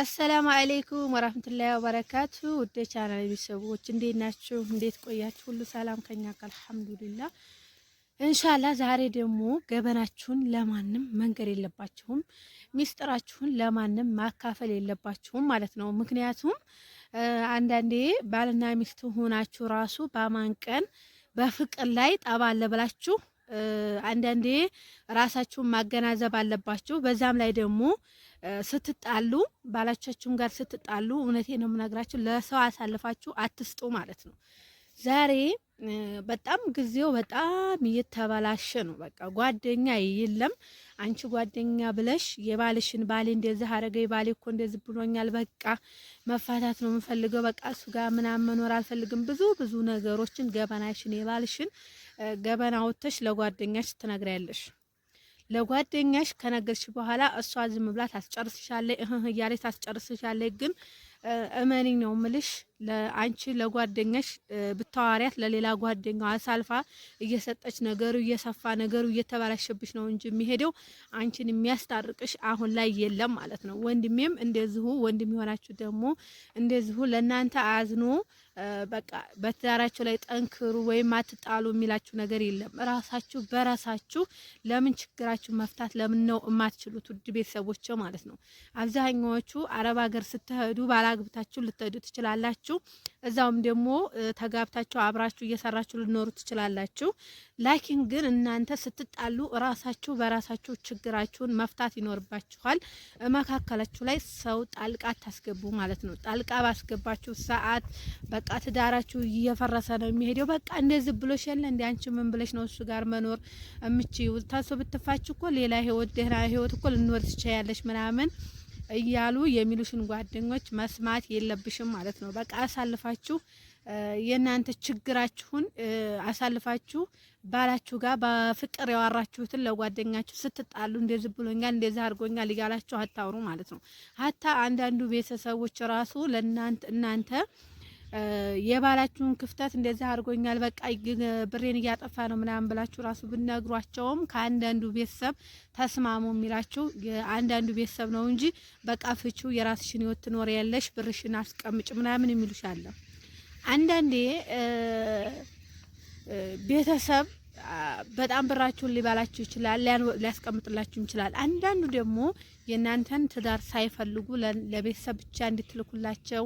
አሰላሙ አለይኩም ወራህመቱላሂ ወበረካቱ። ውድ ቻናል ቤተሰቦች እንዴት ናችሁ? እንዴት ቆያችሁ? ሁሉ ሰላም ከኛ ጋር አልሐምዱሊላህ። ኢንሻአላህ ዛሬ ደግሞ ገበናችሁን ለማንም መንገድ የለባችሁም፣ ሚስጥራችሁን ለማንም ማካፈል የለባችሁም ማለት ነው። ምክንያቱም አንዳንዴ ባልና ሚስት ሆናችሁ ራሱ በአማን ቀን በፍቅር ላይ ጠባ አለ ብላችሁ አንዳንዴ ራሳችሁን ማገናዘብ አለባችሁ። በዛም ላይ ደግሞ ስትጣሉ፣ ባላቻችሁም ጋር ስትጣሉ፣ እውነቴ ነው የምነግራችሁ፣ ለሰው አሳልፋችሁ አትስጡ ማለት ነው። ዛሬ በጣም ጊዜው በጣም እየተበላሸ ነው። በቃ ጓደኛ የለም። አንቺ ጓደኛ ብለሽ የባልሽን ባሌ እንደዚህ አረገ፣ ባሌ እኮ እንደዚህ ብሎኛል፣ በቃ መፋታት ነው የምፈልገው፣ በቃ እሱ ጋር ምናምን መኖር አልፈልግም፣ ብዙ ብዙ ነገሮችን ገበናሽን፣ የባልሽን ገበና ወጥተሽ ለጓደኛሽ ትነግሪያለሽ። ለጓደኛሽ ከነገርሽ በኋላ እሷ ዝም ብላ ታስጨርስሻለች፣ እህህ እያለች ታስጨርስሻለች። ግን እመኒ ነው ምልሽ ለአንቺ ለጓደኛሽ ብታዋሪያት ለሌላ ጓደኛ አሳልፋ እየሰጠች ነገሩ እየሰፋ ነገሩ እየተበላሸብሽ ነው እንጂ የሚሄደው አንቺን የሚያስታርቅሽ አሁን ላይ የለም ማለት ነው። ወንድሜም እንደዚሁ ወንድም የሆናችሁ ደግሞ እንደዚሁ ለእናንተ አዝኖ በቃ በትዳራቸው ላይ ጠንክሩ ወይም አትጣሉ የሚላችሁ ነገር የለም። ራሳችሁ በራሳችሁ ለምን ችግራችሁ መፍታት ለምን ነው የማትችሉት? ውድ ቤተሰቦች ማለት ነው። አብዛኛዎቹ አረብ ሀገር ስትሄዱ ባላግብታችሁ ልትሄዱ ትችላላችሁ። ትችላላችሁ። እዛውም ደግሞ ተጋብታችሁ አብራችሁ እየሰራችሁ ልኖሩ ትችላላችሁ። ላኪን ግን እናንተ ስትጣሉ ራሳችሁ በራሳችሁ ችግራችሁን መፍታት ይኖርባችኋል። መካከላችሁ ላይ ሰው ጣልቃ ታስገቡ ማለት ነው። ጣልቃ ባስገባችሁ ሰዓት በቃ ትዳራችሁ እየፈረሰ ነው የሚሄደው። በቃ እንደዚህ ብሎሽ የለ እንዲ አንቺ ምን ብለሽ ነው እሱ ጋር መኖር እምቺ ታሶ ብትፋችሁ እኮ ሌላ ህይወት ደህና ህይወት እኮ ልኖር ትችያለሽ ምናምን እያሉ የሚሉሽን ጓደኞች መስማት የለብሽም ማለት ነው። በቃ አሳልፋችሁ የእናንተ ችግራችሁን አሳልፋችሁ ባላችሁ ጋር በፍቅር ያዋራችሁትን ለጓደኛችሁ ስትጣሉ እንደዚህ ብሎኛል፣ እንደዚህ አድርጎኛል እያላችሁ አታውሩ ማለት ነው። ሀታ አንዳንዱ ቤተሰቦች ራሱ ለእናንተ እናንተ የባላችሁን ክፍተት እንደዚህ አድርጎኛል፣ በቃ ብሬን እያጠፋ ነው ምናምን ብላችሁ ራሱ ብነግሯቸውም ከአንዳንዱ ቤተሰብ ተስማሙ የሚላችሁ አንዳንዱ ቤተሰብ ነው እንጂ በቃ ፍቹ የራስሽን ህይወት ትኖር ያለሽ ብርሽን አስቀምጭ ምናምን የሚሉሻለሁ። አንዳንዴ ቤተሰብ በጣም ብራችሁን ሊበላችሁ ይችላል፣ ሊያስቀምጥላችሁ ይችላል። አንዳንዱ ደግሞ የእናንተን ትዳር ሳይፈልጉ ለቤተሰብ ብቻ እንድትልኩላቸው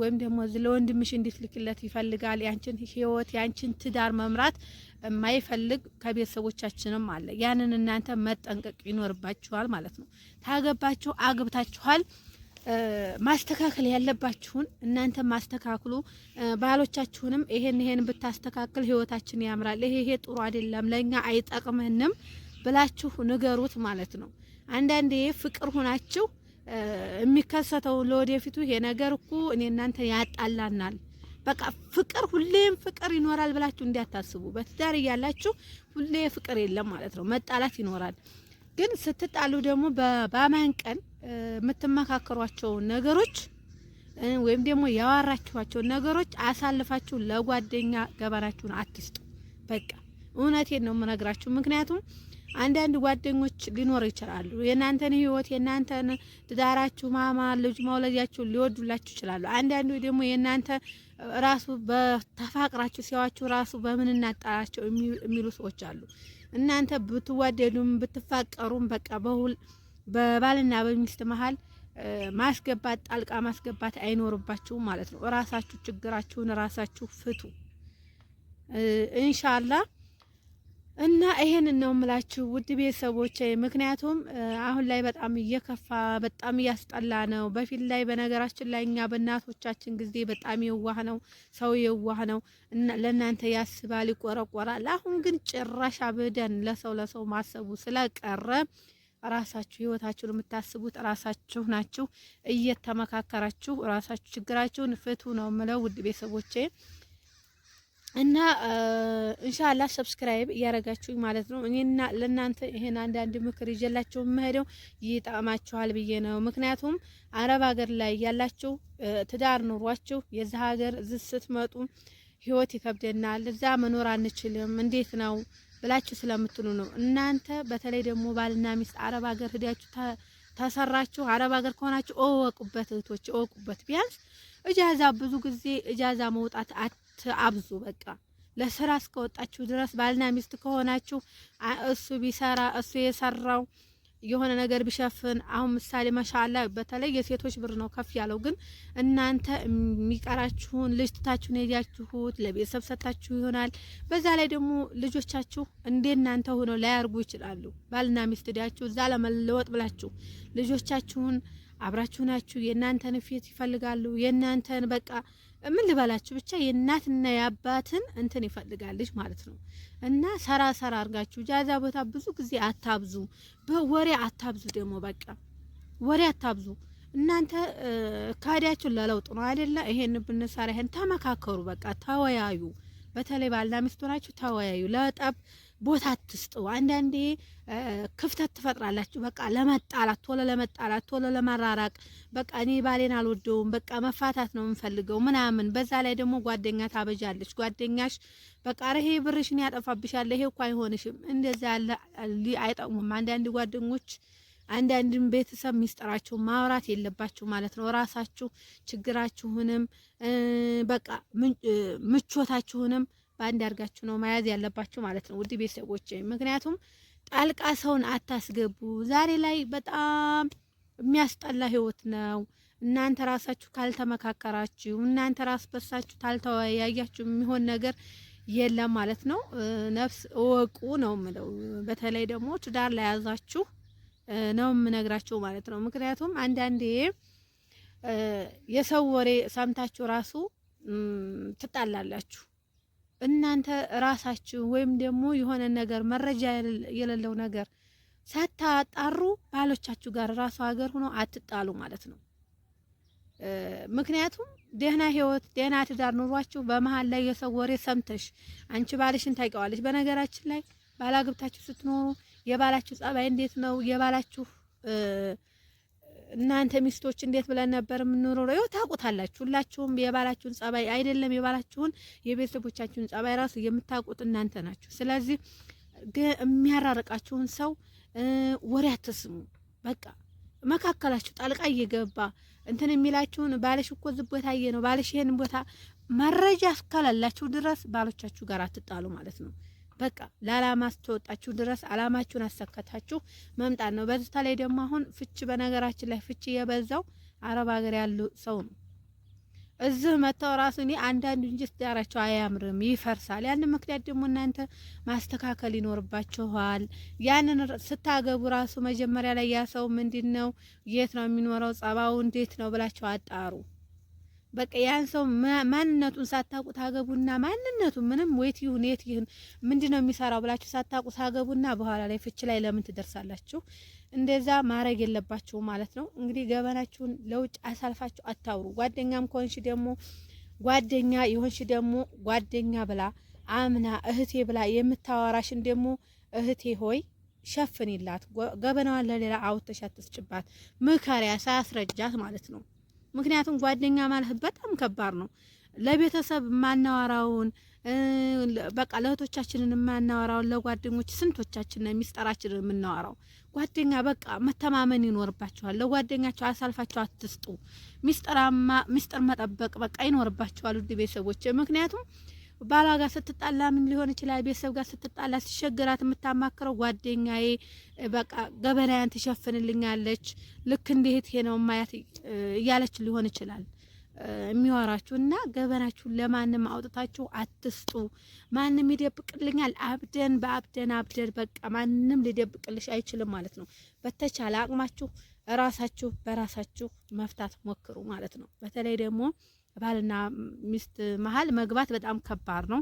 ወይም ደግሞ ለወንድምሽ እንድትልክለት ይፈልጋል። ያንችን ህይወት ያንችን ትዳር መምራት የማይፈልግ ከቤተሰቦቻችንም አለ። ያንን እናንተ መጠንቀቅ ይኖርባችኋል ማለት ነው። ታገባችሁ አግብታችኋል ማስተካከል ያለባችሁን እናንተ ማስተካክሉ። ባሎቻችሁንም ይሄን ይሄን ብታስተካክል ህይወታችን ያምራል፣ ይሄ ይሄ ጥሩ አይደለም፣ ለኛ አይጠቅመንም ብላችሁ ንገሩት ማለት ነው። አንዳንዴ ፍቅር ሆናችሁ የሚከሰተው ለወደፊቱ ይሄ ነገር እኮ እኔ እናንተ ያጣላናል በቃ ፍቅር ሁሌም ፍቅር ይኖራል ብላችሁ እንዲያታስቡ። በትዳር እያላችሁ ሁሌ ፍቅር የለም ማለት ነው፣ መጣላት ይኖራል። ግን ስትጣሉ ደግሞ በአማን ቀን የምትመካከሯቸው ነገሮች ወይም ደግሞ ያዋራችኋቸው ነገሮች አሳልፋችሁ ለጓደኛ ገበናችሁን አትስጡ። በቃ እውነቴን ነው የምነግራችሁ። ምክንያቱም አንዳንድ ጓደኞች ሊኖር ይችላሉ። የእናንተን ህይወት የእናንተን ትዳራችሁ፣ ማማ ልጅ መውለጃችሁ ሊወዱላችሁ ይችላሉ። አንዳንዱ ደግሞ የእናንተ ራሱ በተፋቅራችሁ ሲያዋችሁ ራሱ በምን እናጣላቸው የሚሉ ሰዎች አሉ። እናንተ ብትዋደዱም ብትፋቀሩም በቃ በሁል በባልና በሚስት መሀል ማስገባት ጣልቃ ማስገባት አይኖርባችሁም ማለት ነው። እራሳችሁ ችግራችሁን ራሳችሁ ፍቱ እንሻላ እና ይሄን ነው የምላችሁ ውድ ቤተሰቦች። ምክንያቱም አሁን ላይ በጣም እየከፋ በጣም እያስጠላ ነው። በፊት ላይ በነገራችን ላይ እኛ በእናቶቻችን ጊዜ በጣም የዋህ ነው ሰው የዋህ ነው፣ ለእናንተ ያስባል፣ ይቆረቆራል። አሁን ግን ጭራሽ አብደን ለሰው ለሰው ማሰቡ ስለቀረ ራሳችሁ ህይወታችሁን የምታስቡት ራሳችሁ ናችሁ። እየተመካከራችሁ ራሳችሁ ችግራችሁን ፍቱ ነው ምለው ውድ ቤተሰቦቼ እና እንሻላ ሰብስክራይብ እያደረጋችሁ ማለት ነው። እኔና ለእናንተ ይሄን አንዳንድ ምክር ይዤላችሁ የምሄደው ይጠቅማችኋል ብዬ ነው። ምክንያቱም አረብ ሀገር ላይ ያላችሁ ትዳር ኑሯችሁ የዛ ሀገር መጡ ህይወት ይከብደናል፣ እዛ መኖር አንችልም። እንዴት ነው ብላችሁ ስለምትሉ ነው። እናንተ በተለይ ደግሞ ባልና ሚስት አረብ ሀገር ሂዳችሁ ተሰራችሁ አረብ ሀገር ከሆናችሁ እወቁበት፣ እህቶች እወቁበት። ቢያንስ እጃዛ ብዙ ጊዜ እጃዛ መውጣት አትአብዙ። በቃ ለስራ እስከወጣችሁ ድረስ ባልና ሚስት ከሆናችሁ እሱ ቢሰራ እሱ የሰራው የሆነ ነገር ቢሸፍን አሁን ምሳሌ ማሻአላ በተለይ የሴቶች ብር ነው ከፍ ያለው። ግን እናንተ የሚቀራችሁን ልጅ ትታችሁን ለቤተሰብ ሰጥታችሁ ይሆናል። በዛ ላይ ደግሞ ልጆቻችሁ እንዴ እናንተ ሆነው ላያርጉ ይችላሉ። ባልና ሚስት ዲያችሁ እዛ ለመለወጥ ብላችሁ ልጆቻችሁን አብራችሁ ናችሁ። የእናንተን ፊት ይፈልጋሉ። የእናንተን በቃ ምን ልበላችሁ ብቻ የእናትና የአባትን እንትን ይፈልጋለች ማለት ነው። እና ሰራ ሰራ አርጋችሁ ጃዛ ቦታ ብዙ ጊዜ አታብዙ፣ በወሬ አታብዙ። ደግሞ በቃ ወሬ አታብዙ። እናንተ ካዲያችሁን ለለውጥ ነው አይደለ? ይሄን ብንሰራ ይሄን ተመካከሩ፣ በቃ ተወያዩ። በተለይ ባልና ሚስት ሆናችሁ ተወያዩ ለጠብ ቦታ አትስጡ። አንዳንዴ ክፍተት ትፈጥራላችሁ። በቃ ለመጣላት ቶሎ ለመጣላት ቶሎ ለመራራቅ በቃ እኔ ባሌን አልወደውም፣ በቃ መፋታት ነው የምፈልገው ምናምን። በዛ ላይ ደግሞ ጓደኛ ታበዣለች። ጓደኛሽ በቃ ይሄ ብርሽን ያጠፋብሻል፣ ይሄ እኮ አይሆንሽም፣ እንደዛ ያለ አይጠቅሙም። አንዳንድ ጓደኞች አንዳንድም ቤተሰብ ሚስጥራችሁ ማውራት የለባችሁ ማለት ነው። ራሳችሁ ችግራችሁንም በቃ ምቾታችሁንም በአንድ አድርጋችሁ ነው መያዝ ያለባችሁ ማለት ነው ውድ ቤተሰቦች። ምክንያቱም ጣልቃ ሰውን አታስገቡ። ዛሬ ላይ በጣም የሚያስጠላ ህይወት ነው። እናንተ ራሳችሁ ካልተመካከራችሁ፣ እናንተ ራስ በሳችሁ ካልተወያያችሁ የሚሆን ነገር የለም ማለት ነው። ነፍስ እወቁ ነው ምለው። በተለይ ደግሞ ትዳር ለያዛችሁ ነው የምነግራችሁ ማለት ነው። ምክንያቱም አንዳንዴ የሰው ወሬ ሰምታችሁ ራሱ ትጣላላችሁ። እናንተ ራሳችሁ ወይም ደግሞ የሆነ ነገር መረጃ የሌለው ነገር ሳታጣሩ ባሎቻችሁ ጋር ራሱ ሀገር ሆኖ አትጣሉ ማለት ነው። ምክንያቱም ደህና ህይወት፣ ደህና ትዳር ኑሯችሁ በመሀል ላይ የሰው ወሬ ሰምተሽ አንቺ ባልሽን ታውቂዋለሽ። በነገራችን ላይ ባላግብታችሁ ስትኖሩ የባላችሁ ጸባይ እንዴት ነው የባላችሁ እናንተ ሚስቶች እንዴት ብለን ነበር የምንኖረው? ይኸው ታውቁታላችሁ። ሁላችሁም የባላችሁን ጸባይ አይደለም የባላችሁን የቤተሰቦቻችሁን ጸባይ ራሱ የምታውቁት እናንተ ናችሁ። ስለዚህ የሚያራርቃችሁን ሰው ወሬ አትስሙ። በቃ መካከላችሁ ጣልቃ እየገባ እንትን የሚላችሁን ባለሽ እኮ እዚህ ቦታ ነው ባለሽ ይሄን ቦታ መረጃ እስካላላችሁ ድረስ ባሎቻችሁ ጋር አትጣሉ ማለት ነው። በቃ ለአላማ አስተወጣችሁ ድረስ አላማችሁን አሰከታችሁ መምጣት ነው። በዝታ ላይ ደግሞ አሁን ፍች በነገራችን ላይ ፍች የበዛው አረብ ሀገር ያሉ ሰው ነው። እዚህ መተው ራሱ እኔ አንዳንዱ እንጂ ስዳራቸው አያምርም፣ ይፈርሳል። ያን ምክንያት ደግሞ እናንተ ማስተካከል ይኖርባችኋል። ያንን ስታገቡ ራሱ መጀመሪያ ላይ ያ ሰው ምንድን ነው፣ የት ነው የሚኖረው፣ ጸባው እንዴት ነው ብላቸው አጣሩ። በቃ ያን ሰው ማንነቱን ሳታውቁ ታገቡና ማንነቱ ምንም ወይት ይሁን የት ይሁን ምንድን ነው የሚሰራው ብላችሁ ሳታውቁ ታገቡና በኋላ ላይ ፍች ላይ ለምን ትደርሳላችሁ? እንደዛ ማድረግ የለባችሁ ማለት ነው። እንግዲህ ገበናችሁን ለውጭ አሳልፋችሁ አታውሩ። ጓደኛም ከሆንሽ ደግሞ ጓደኛ የሆንሽ ደግሞ ጓደኛ ብላ አምና እህቴ ብላ የምታዋራሽን ደግሞ እህቴ ሆይ ሸፍንላት። ገበናዋን ለሌላ አውጥተሽ አትስጭባት። ምከሪያ ሳያስረጃት ማለት ነው። ምክንያቱም ጓደኛ ማለት በጣም ከባድ ነው። ለቤተሰብ የማናወራውን በቃ ለእህቶቻችንን የማናወራውን ለጓደኞች ስንቶቻችን ሚስጠራችንን የምናወራው ጓደኛ በቃ መተማመን ይኖርባችኋል። ለጓደኛቸው አሳልፋቸው አትስጡ። ሚስጥር መጠበቅ በቃ ይኖርባችኋል ውድ ቤተሰቦች ምክንያቱም ባሏ ጋር ስትጣላ ምን ሊሆን ይችላል? ቤተሰብ ጋር ስትጣላ ሲቸግራት የምታማክረው ጓደኛዬ በቃ ገበናያን ትሸፍንልኛለች፣ ልክ እንዴት ነው ማያት እያለች ሊሆን ይችላል የሚወራችሁ እና ገበናችሁን ለማንም አውጥታችሁ አትስጡ። ማንም ይደብቅልኛል፣ አብደን በአብደን አብደን በቃ ማንም ሊደብቅልሽ አይችልም ማለት ነው። በተቻለ አቅማችሁ ራሳችሁ በራሳችሁ መፍታት ሞክሩ ማለት ነው። በተለይ ደግሞ ባልና ሚስት መሀል መግባት በጣም ከባድ ነው።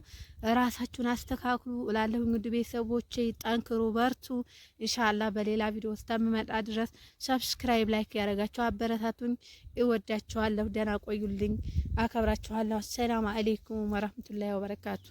ራሳችሁን አስተካክሉ እላለሁ። እንግዲህ ቤተሰቦቼ ጠንክሩ፣ በርቱ። ኢንሻላ በሌላ ቪዲዮ እስከምመጣ ድረስ ሰብስክራይብ፣ ላይክ ያደረጋችሁ አበረታቱኝ። እወዳችኋለሁ። ደህና ቆዩልኝ። አከብራችኋለሁ። አሰላሙ አሌይኩም ወረህመቱላሂ ወበረካቱ።